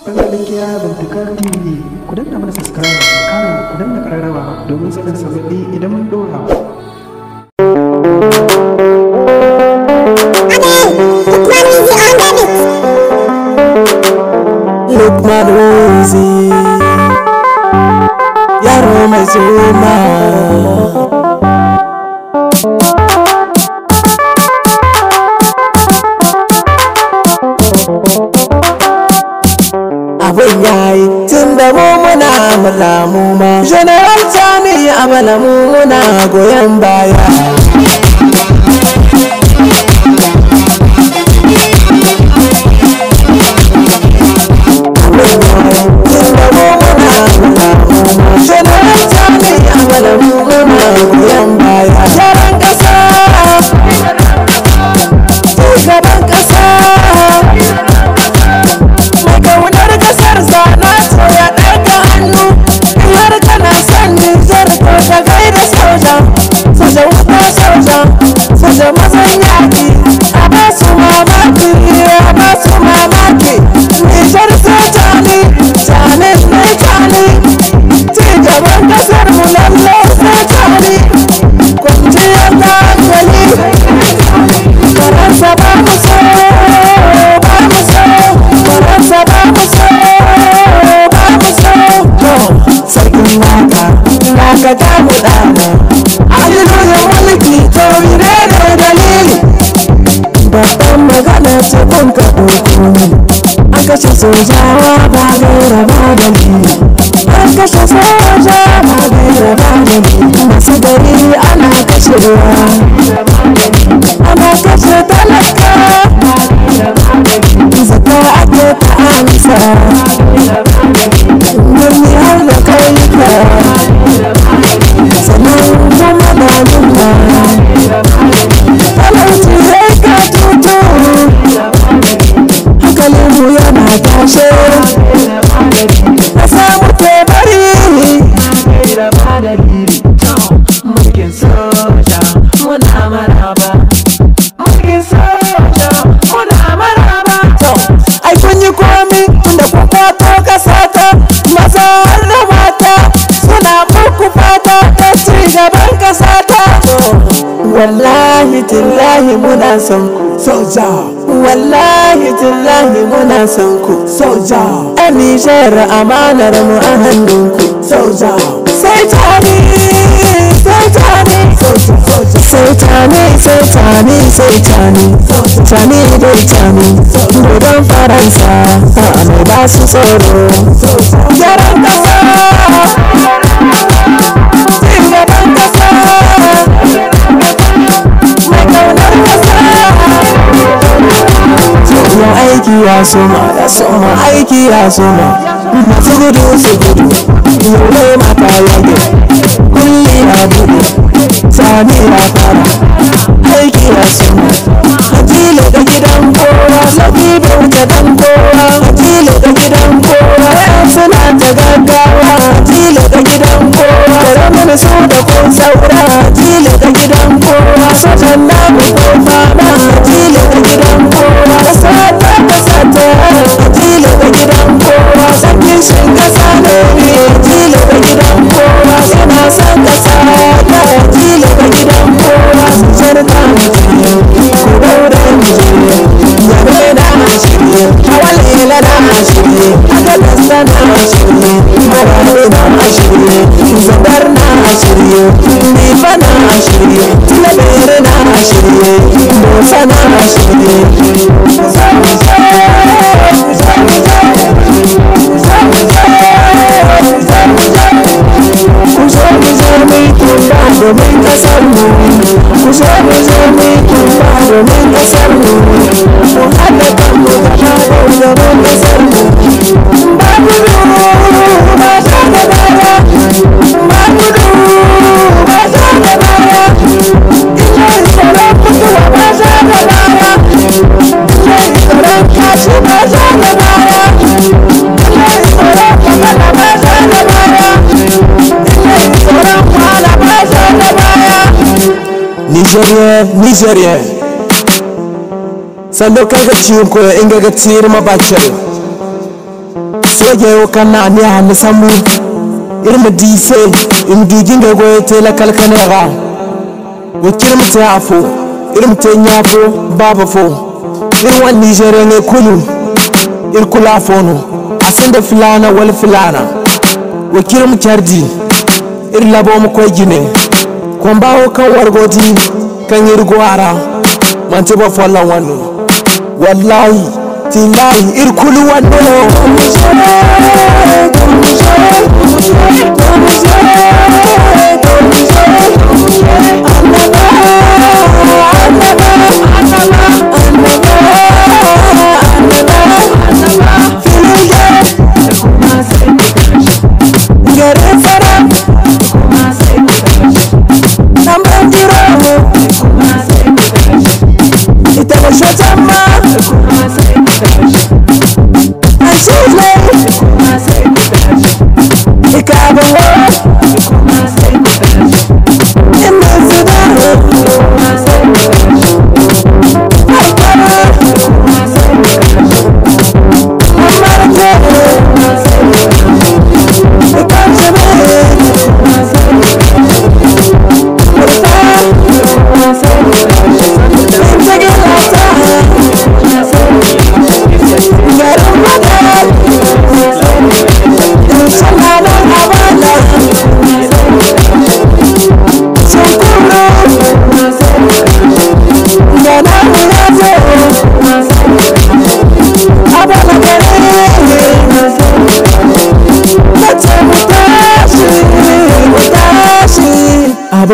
Bangaren kiya bintikar TV ku danna mana subscribe kana ku danna kararrawa domin sanin sababbi idan mun dora. Look my Yaro mai bala mu ma general a bala mu muna goyon baya sojawa ba gaira ba da ni an kashe soja ba gaira ba da ni masu gari ana kashewa ana kashe ta na tashe na samu tebari mulkin soja muna maraba mulkin soja muna maraba ai kun yi komi da kun kwato kasa ta maza da mata suna muku fata ta ci gaban kasa ta wallahi tillahi muna son soja wallahi tallahi muna son ku soja amishar amanar mu a ku soja sai tani sai tani sai tani sai tani sai tani tani dai tani dodon faransa a mai ba su tsoro jaran kasa ya soma ya soma aiki ya soma masu gudu su gudu yage kulli ya fara aiki ya soma hajjilo da gidan kowa lafi bauta dan kowa hajjilo ya suna ta a shirye zabar na a shirye rifa na a shirye tilabere na a shirye dosa na a shirye Nigérien, Nigérien. Sando kaga chinko ya inga ga tsiri mabacin. Soje yau kana ni a nisamu. Irma dise in digin ga goye tela kalkane ra. Wakir mutu ya afo, irma te nyafo, baba fo. irwan nigéria nge kulu irkula fono asende filana wal filana wakiram cardi ir labomu koy jine kombawo kan wargoti kan irgo ara manti bo folla wannu wallahi tillahi irkulu Don't be shy, don't be shy, don't be shy, don't be shy. Obrigado.